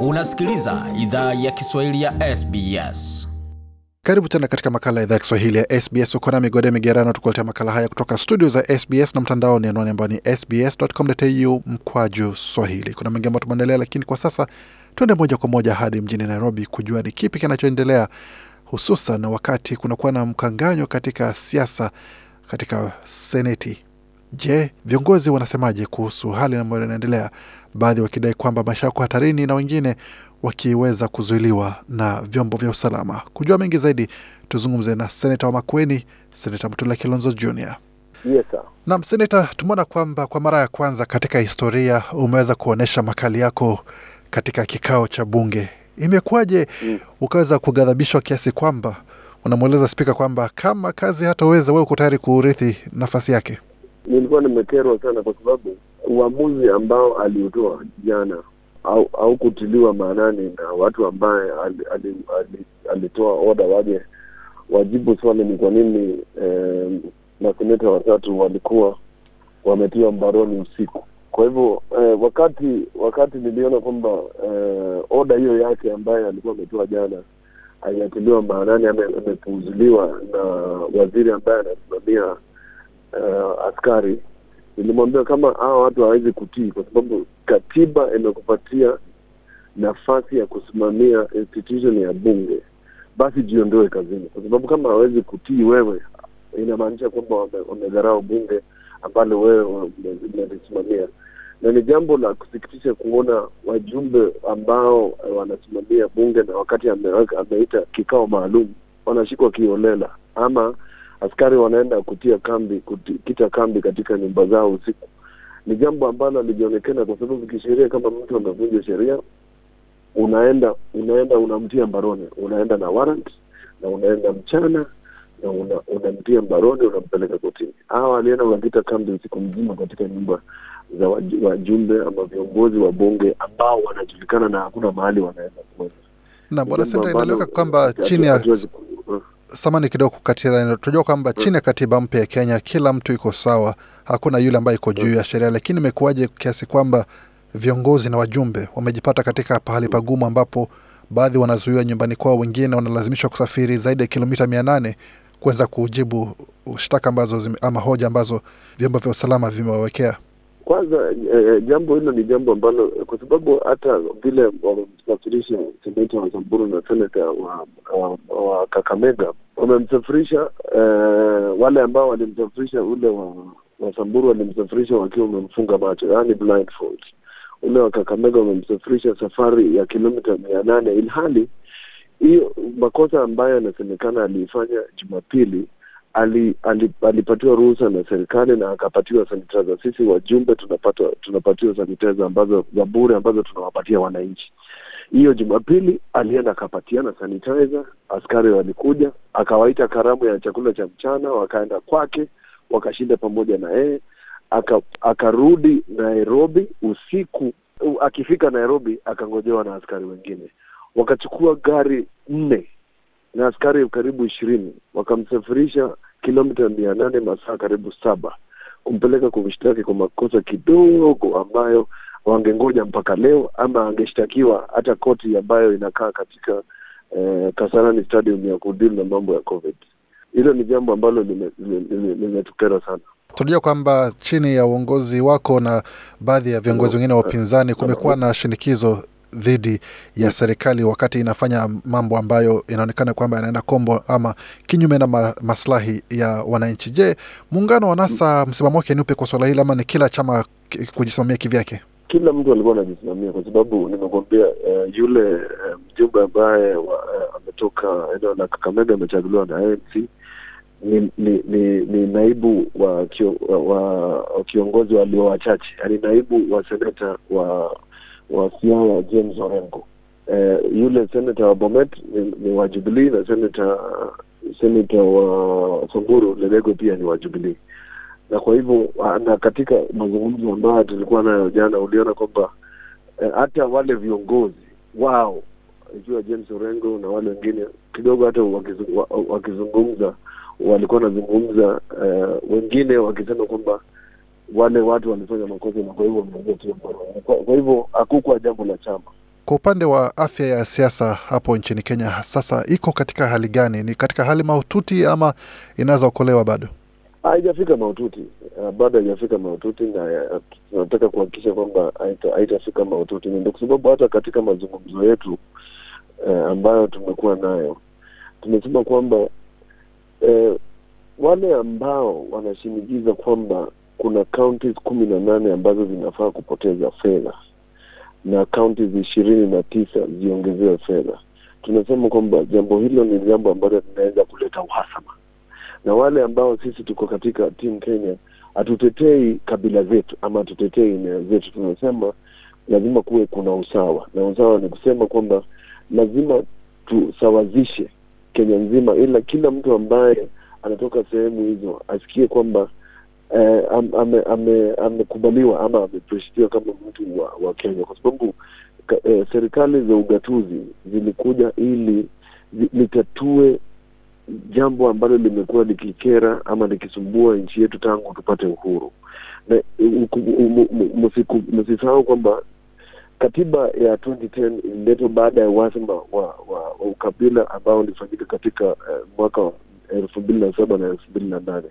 Unasikiliza idhaa ya Kiswahili ya SBS. Karibu tena katika makala ya idhaa ya Kiswahili ya SBS. Uko na migode migerano, tukuletea makala haya kutoka studio za SBS na mtandaoni, anwani ambayo ni sbs.com.au mkwaju swahili. Kuna mengi ambayo tumeendelea, lakini kwa sasa tuende moja kwa moja hadi mjini Nairobi kujua ni kipi kinachoendelea, hususan wakati kunakuwa na mkanganyo katika siasa katika seneti Je, viongozi wanasemaje kuhusu hali ambayo inaendelea, baadhi wakidai kwamba maisha yako hatarini na wengine wakiweza kuzuiliwa na vyombo vya usalama? Kujua mengi zaidi, tuzungumze na seneta wa Makueni, Seneta Mtula Kilonzo Jr. Yes, nam seneta, tumeona kwamba kwa mara ya kwanza katika historia umeweza kuonyesha makali yako katika kikao cha bunge. Imekuwaje mm, ukaweza kugadhabishwa kiasi kwamba unamweleza spika kwamba kama kazi hataweza wewe uko tayari kuurithi nafasi yake? nilikuwa nimekerwa sana kwa sababu uamuzi ambao aliutoa jana au, au kutiliwa maanani na watu ambaye alitoa ali, ali, ali, oda waje wajibu swali ni kwa nini eh, maseneta watatu walikuwa wametiwa mbaroni usiku. Kwa hivyo eh, wakati wakati niliona kwamba eh, oda hiyo yake ambaye alikuwa ametoa jana haijatiliwa maanani ama imepuuziliwa na waziri ambaye anasimamia uh, askari nilimwambia kama hawa watu hawawezi kutii, kwa sababu katiba imekupatia nafasi ya kusimamia institution ya bunge, basi jiondoe kazini, kwa sababu kama hawawezi kutii wewe, inamaanisha kwamba wamedharau bunge ambalo wewe umelisimamia Na ni jambo la kusikitisha kuona wajumbe ambao eh, wanasimamia bunge na wakati ameita kikao maalum wanashikwa kiolela ama askari wanaenda kutia kambi kukita kambi katika nyumba zao usiku. Ni jambo ambalo alijionekana, kwa sababu kisheria, kama mtu amevunja sheria, unaenda unaenda unamtia mbaroni, unaenda na warrant na unaenda mchana na una, unamtia mbaroni, unampeleka kotini. Hawa alienda wakita kambi usiku mzima katika nyumba za wajumbe ama viongozi wa bunge ambao wanajulikana na hakuna mahali wanaenda kuenda. Na bwana Senta, inaeleweka kwamba chini ya samani kidogo kukatia, tunajua kwamba chini ya katiba mpya ya Kenya kila mtu iko sawa, hakuna yule ambaye iko juu ya sheria, lakini imekuwaje kiasi kwamba viongozi na wajumbe wamejipata katika pahali pagumu ambapo baadhi wanazuiwa nyumbani kwao, wengine wanalazimishwa kusafiri zaidi ya kilomita mia nane kuweza kujibu shtaka ambazo zime, ama hoja ambazo vyombo vya usalama vimewawekea. Kwanza eh, jambo hilo ni jambo ambalo kwa sababu hata vile wamemsafirisha seneta wa Samburu na seneta wa, wa, wa Kakamega wamemsafirisha eh, wale ambao walimsafirisha ule wa, wa Samburu walimsafirisha wakiwa wamemfunga macho, yani blindfold. Ule wa Kakamega wamemsafirisha safari ya kilomita mia nane ilhali hiyo makosa ambayo yanasemekana aliifanya Jumapili ali, ali, alipatiwa ruhusa na serikali na akapatiwa sanitizer. Sisi wajumbe tunapata, tunapatiwa sanitizer ambazo za bure ambazo tunawapatia wananchi. Hiyo Jumapili alienda akapatiana sanitizer, askari walikuja, akawaita karamu ya chakula cha mchana, wakaenda kwake, wakashinda pamoja na yeye, akarudi aka Nairobi usiku. Akifika Nairobi akangojewa na askari wengine, wakachukua gari nne na askari karibu ishirini wakamsafirisha kilomita mia nane masaa karibu saba kumpeleka kumshtaki kwa makosa kidogo ambayo wangengoja mpaka leo ama angeshtakiwa hata koti ambayo inakaa katika eh, Kasarani Stadium ya kudili na mambo ya COVID. Hilo ni jambo ambalo limetukera sana. Tunajua kwamba chini ya uongozi wako na baadhi ya viongozi wengine wa upinzani kumekuwa na shinikizo dhidi ya mm. serikali wakati inafanya mambo ambayo inaonekana kwamba yanaenda kombo ama kinyume na ma maslahi ya wananchi. Je, muungano wa NASA mm. msimamo wake ni upe kwa swala hili ama ni kila chama kujisimamia kivyake? Kila mtu alikuwa anajisimamia kwa sababu nimegombea uh, eh, yule eh, mjumbe um, ambaye uh, ametoka eneo la Kakamega amechaguliwa na ANC ni ni, ni ni naibu wa, kio, wa, wa kiongozi walio wachache, yaani naibu wa seneta wa wa Siaya James Orengo. Eh, yule senata wa Bomet ni, ni wa Jubilii na senata senata wa Samburu Lelego pia ni wa jubilii na kwa hivyo ah, na katika mazungumzo ambayo tulikuwa nayo jana uliona kwamba eh, hata eh, wale viongozi wao ikiwa James Orengo na wale wengine kidogo hata wakizungumza walikuwa wanazungumza uh, wengine wakisema kwamba wale watu walifanya makosa na kwa hivyo wameongea tu. Kwa hivyo hakukuwa jambo la chama. Kwa upande wa afya ya siasa hapo nchini Kenya sasa iko katika hali gani? Ni katika hali mahututi ama inaweza okolewa bado? Haijafika mahututi ah, bado, haijafika mahututi, na tunataka kuhakikisha kwamba haitafika mahututi. Ndio kwa sababu hata katika mazungumzo yetu eh, ambayo tumekuwa nayo tumesema kwamba eh, wale ambao wanashinikiza kwamba kuna kaunti kumi na nane ambazo zinafaa kupoteza fedha na kaunti ishirini na tisa ziongezewe fedha. Tunasema kwamba jambo hilo ni jambo ambalo linaweza kuleta uhasama, na wale ambao sisi tuko katika team Kenya hatutetei kabila zetu ama hatutetei eneo zetu, tunasema lazima kuwe kuna usawa, na usawa ni kusema kwamba lazima tusawazishe Kenya nzima, ila kila mtu ambaye anatoka sehemu hizo asikie kwamba eh, amekubaliwa ame, ame ama ameprestiwa kama mtu wa, wa Kenya kwa sababu eh, serikali za ugatuzi zilikuja ili litatue jambo ambalo limekuwa likikera ama likisumbua nchi yetu tangu tupate uhuru. msisahau kwamba katiba ya 2010 ililetwa baada ya wasima wa, wa, wa ukabila ambao ulifanyika katika uh, mwaka wa elfu mbili na saba na elfu mbili na nane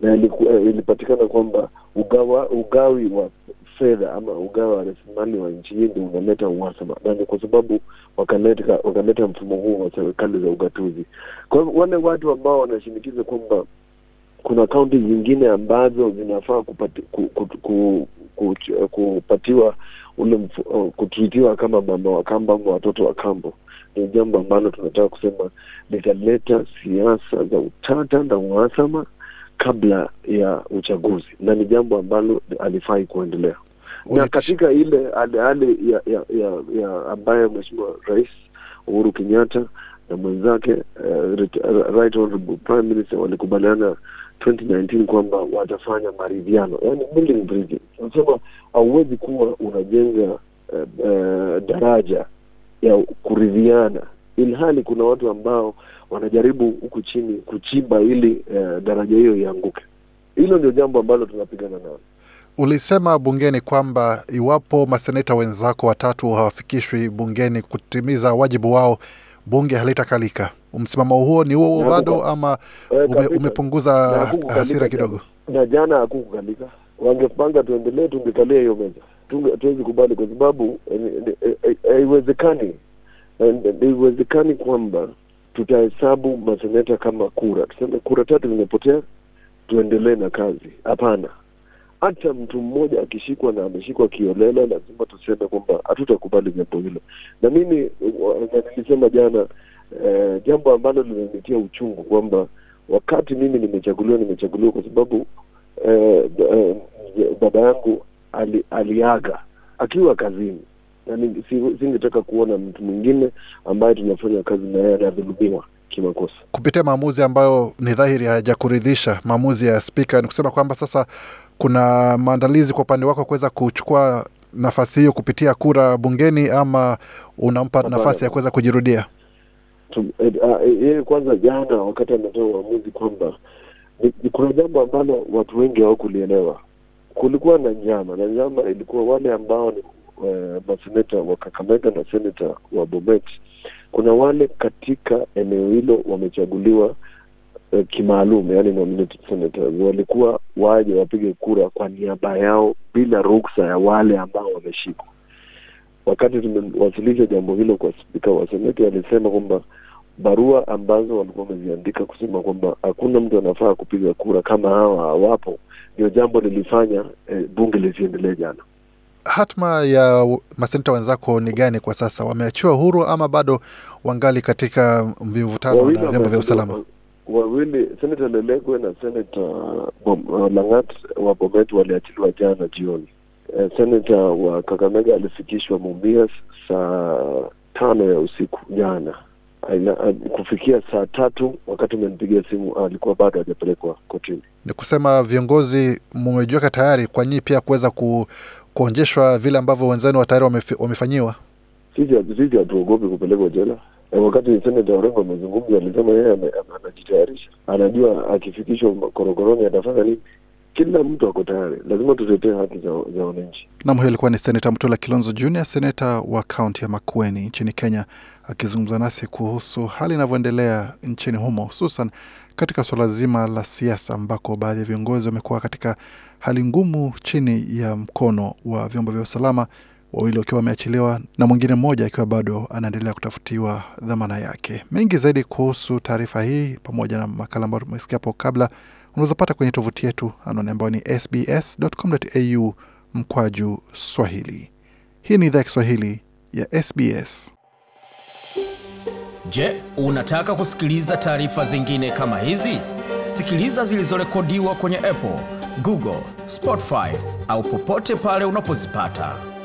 na eh, ilipatikana kwamba ugawa, ugawi wa fedha ama ugawa wa rasilimali wa nchi hii ndio unaleta uhasama, na ni kwa sababu wakaleta wakaleta mfumo huu wa serikali za ugatuzi. Kwa wale watu ambao wanashinikiza kwamba kuna kaunti zingine ambazo zinafaa kupati, ku, ku, ku, ku, ku, kupatiwa ule uh, eh, kutritiwa kama mama wa kambo ama watoto wa kambo ni jambo ambalo tunataka kusema litaleta siasa za utata na uhasama kabla ya uchaguzi, na ni jambo ambalo alifai kuendelea na katika ile hali ya, ya, ya, ya ambaye Mheshimiwa Rais Uhuru Kenyatta na mwenzake uh, Right Honorable Prime Minister walikubaliana 2019 kwamba watafanya maridhiano, yani building hauwezi kuwa unajenga uh, uh, daraja ya kuridhiana ilhali kuna watu ambao wanajaribu huku chini kuchimba ili eh, daraja hiyo ianguke. Hilo ndio jambo ambalo tunapigana nalo. Ulisema bungeni kwamba iwapo maseneta wenzako watatu hawafikishwi bungeni kutimiza wajibu wao, bunge halitakalika. Msimamo huo ni huo huo bado ama eh, ume, umepunguza hasira kidogo? Na jana hakukukalika, wangepanga tuendelee, tungekalia hiyo meza, tuwezi kubali kwa sababu eh, eh, haiwezekani, haiwezekani kwamba tutahesabu maseneta kama kura. Tuseme kura tatu zimepotea, tuendelee na kazi? Hapana. Hata mtu mmoja akishikwa na ameshikwa kiolela, lazima tuseme kwamba hatutakubali jambo hilo. Na mimi eh, nilisema jana eh, jambo ambalo limenitia uchungu kwamba wakati mimi nimechaguliwa, nimechaguliwa kwa sababu eh, eh, baba yangu ali, aliaga akiwa kazini na singetaka kuona mtu mwingine ambaye tunafanya kazi na yeye anadhulumiwa kimakosa kupitia maamuzi ambayo ni dhahiri hayajakuridhisha. Maamuzi ya spika ni kusema kwamba sasa kuna maandalizi kwa upande wako kuweza kuchukua nafasi hiyo kupitia kura bungeni, ama unampa nafasi ya kuweza kujirudia yeye? Uh, eh, ah, eh, kwanza jana wakati anatoa uamuzi kwamba kuna jambo ambalo watu wengi hawakulielewa. Kulikuwa na njama, na njama ilikuwa wale ambao ni Eh, maseneta wa Kakamega na seneta wa Bomet, kuna wale katika eneo hilo wamechaguliwa eh, kimaalum, yani nominated senators, walikuwa waje wapige kura kwa niaba yao bila ruksa ya wale ambao wameshikwa. Wakati tumewasilisha jambo hilo kwa spika wa seneti, alisema kwamba barua ambazo walikuwa wameziandika kusema kwamba hakuna mtu anafaa kupiga kura kama hawa hawapo, ndio jambo lilifanya eh, bunge lisiendelee jana hatma ya masenta wenzako ni gani kwa sasa? Wameachiwa huru ama bado wangali katika mvutano na vyombo vya usalama? Wawili, senata Lelegwe na senata uh, Langat wa Bomet waliachiliwa jana jioni. Uh, eh, senata wa Kakamega alifikishwa Mumias saa tano ya usiku jana kufikia saa tatu wakati umenipigia simu alikuwa bado hajapelekwa kotini. Ni kusema viongozi mumejiweka tayari kwa nyii pia kuweza ku, kuonjeshwa vile ambavyo wenzani wa tayari wamefanyiwa? Sisi hatuogopi kupelekwa jela. Wakati seneta Orengo amezungumza, alisema yeye anajitayarisha, anajua akifikishwa korokoroni atafanya nini kila mtu ako tayari, lazima tutetee haki za, za wananchi. Nam, huyo alikuwa ni Seneta mtula Kilonzo Junior, seneta wa kaunti ya Makueni nchini Kenya, akizungumza nasi kuhusu hali inavyoendelea nchini humo, hususan katika suala zima la siasa, ambako baadhi ya viongozi wamekuwa katika hali ngumu chini ya mkono wa vyombo vya usalama, wawili wakiwa wameachiliwa na mwingine mmoja akiwa bado anaendelea kutafutiwa dhamana yake. Mengi zaidi kuhusu taarifa hii pamoja na makala ambayo tumesikia hapo kabla unazopata kwenye tovuti yetu anaone ambayo ni sbs.com.au mkwaju Swahili. Hii ni idhaa ya Kiswahili ya SBS. Je, unataka kusikiliza taarifa zingine kama hizi? Sikiliza zilizorekodiwa kwenye Apple, Google, Spotify au popote pale unapozipata.